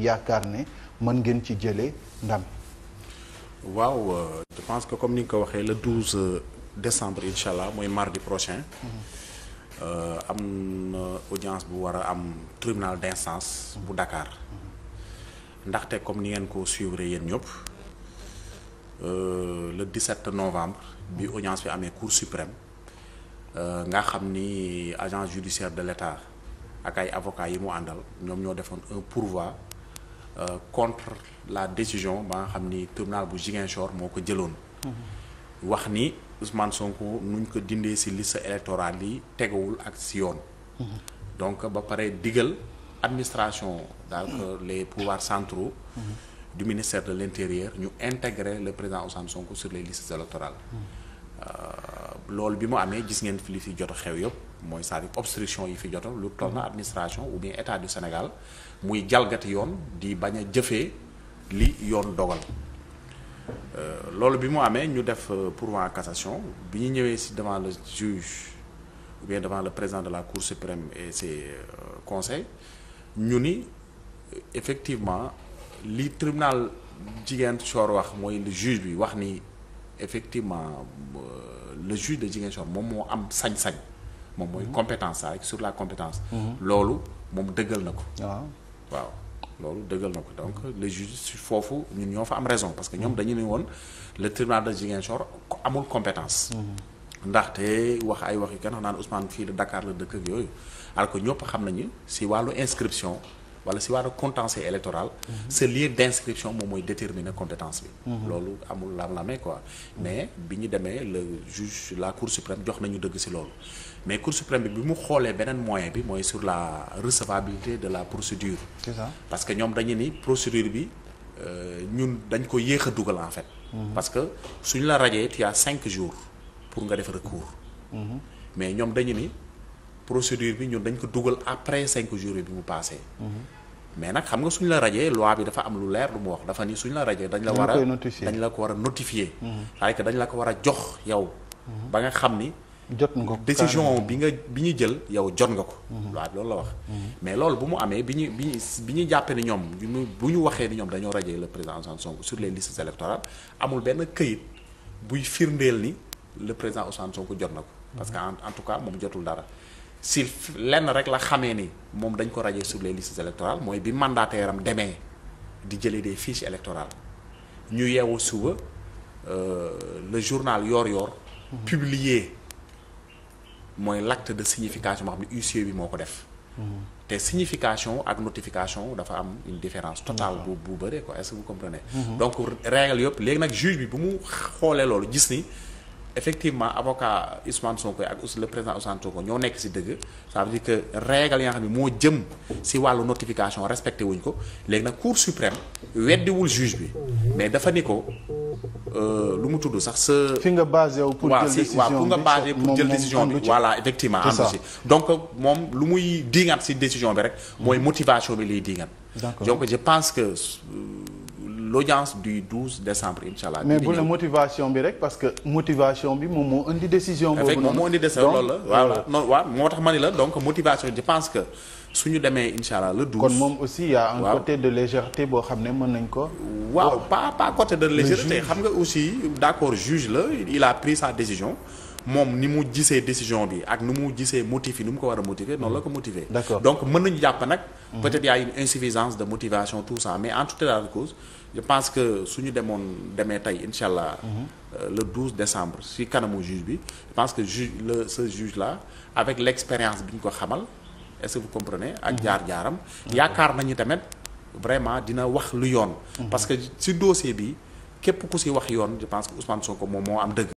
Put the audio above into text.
yaakaar ne mën ngeen ci jëlee ndam. waaw euh, je pense que comme ni nga ko waxee le 12 euh, décembre incha allah mooy mardi prochain. Euh, am na audience bu war a am tribunal d'instance bu dakaar ndaxte comme ni ngeen ko suivre yéen ñëpp le 17 novembre bi audience bi amee cour suprême nga xam ni agence judiciaire de l'État ak ay avocats yi mu àndal ñoom ñoo defoon un pourvoi. Euh, contre la décision ba nga xam ni tribunal bu Ziguinchor moo ko jëloon. wax ni Ousmane Sonko nuñ ko dindee ci liste électorale yi tegawul ak ci yoon. donc ba pare digal administration daal que les pouvoirs centraux. du ministère de l'intérieur ñu intégrer le président Ousmane Sonko sur les listes électorales. Euh, loolu bi mu amee gis ngeen li fi jot xew yëpp mooy c'est-à-dire obstruction yi fi joto lu toll na administration ou bien état du Sénégal muy jalgati yoon di bañ a jëfee li yoon dogal euh, loolu bi mu amee ñu def euh, pour en cassation bi ñu ñëwee ci devant le juge ou bien devant le président de la Cour suprême et ses conseils ñu ni effectivement li tribunal jigéen soor wax mooy le juge bi wax ni effectivement euh, le juge de Ziguinchor moom moo am sañ-sañ. moom mooy mhm. compétence rek sur la compétence. Mhm. loolu moom dëggal na ko. waaw waaw loolu dëggal na ko donc les juges foofu ñun ñoo fa am raison parce que ñoom mhm. dañu ne woon le tribunal de Ziguinchor amul compétence. ndaxte wax ay wax yu kenn naan Ousmane fii la Dakar la dëkk ak yooyu alors que ñëpp xam nañu si wàllu inscription. wala si wàllu contentieux électoral mhm. ce lieu d'inscription moom mooy déterminer compétence bi mhm. loolu amul lam-lamee mhm. mais bi ñu demee le juge la cour suprême jox nañu dëgg si loolu mais cour suprême bi mu xoolee beneen moyen bi mooy sur la recevabilité de la procédure parce que ñoom dañu ni procédure bi euh, ñun dañ ko yéex a dugal en fait parce que suñu la rajee tu as cinq jours pour nga def recours mais ñoom dañu ni procédure bi ñun dañ ko dugal après cinq jours bi mu passé mais nag xam nga suñ la rajee loi bi dafa am lu leer lu mu wax dafa ni suñ la rajee dañ la war a dañ la ko war a notifier mhm. cest dañ la ko war a jox yow mhm. ba nga xam ni jot nga ko décision bi nga bi ñu jël yow jot nga ko loi mhm. bi loolu la wax mais loolu bu mu amee bi ñu bi ñu ñu jàppee ni ñoom bu ñu waxee ni ñoom dañoo rajee la président Ousmane Sonko sur les listes électorales amul benn këyit buy firndeel ni le président Ousmane ko jot na ko parce que en tout cas moom jotul dara si lenn rek la xamee ni moom dañ ko rajee suble les listes mooy bi mandataire am demee di jëlee des fiches électorales ñu yeewu suba euh, le journal Yoor-Yoor mhm. publié mooy l'acte de signification boo xam ne huissier bi moo ko def mhm. te signification ak notification dafa am une différence totale bu bu bëree quoi est-ce que mhm. donc règle yëpp léegi nag juge bi bu mu xoolee loolu gis ni effectivement avocat Ousmane Sonko ak aussi le président Ousmane ko ñoo nekk si dëgg ça veut dire que règle ya nga xam ne moo jëm si wàllu notification respecté wuñ ko léegi nag cour suprême weddiwul juge bi mais dafa ni ko euh, lu mu tudd sax sa. fi nga basé wu pour jël décision waaw bi voilà effectivement. àndu si donc moom lu muy diingat si décision bi rek. mooy motivation bi liy diingat. donc je pense que. Euh, l'audience du 12 décembre incha allah. mais bu ne motivation bi rek parce que motivation bi moom moo indi décision. boobu noonu moo indi décision la. voilà non waaw moo tax ma ni la donc motivation je pense que suñu demee incha allah le 12. kon moom aussi y a un côté de légèreté boo xam ne mën nañ ko. waaw pas pas côté de légèreté xam nga aussi d'accord juge la il a pris sa décision. moom ni mu gisee décision bi ak ni mu gisee motif yi ni mu ko war a motiver noonu la ko motiver. d'accord donc mën nañu jàpp nag. Mhm. peut-être y a une insuffisance de motivation tout ça mais en tout état je pense que suñu demoon demee tey incha allah. Mhm. Euh, le 12 décembre si kanamu juge bi je pense que juge le ce juge là avec l'expérience bi ñu ko xamal est-ce que vous comprenez. ak mhm. jaar-jaaram. yaakaar nañu tamit vraiment dina wax lu yoon. parce que si dossier bi képp ku ci wax yoon je pense que Ousmane moom moo am dëgg.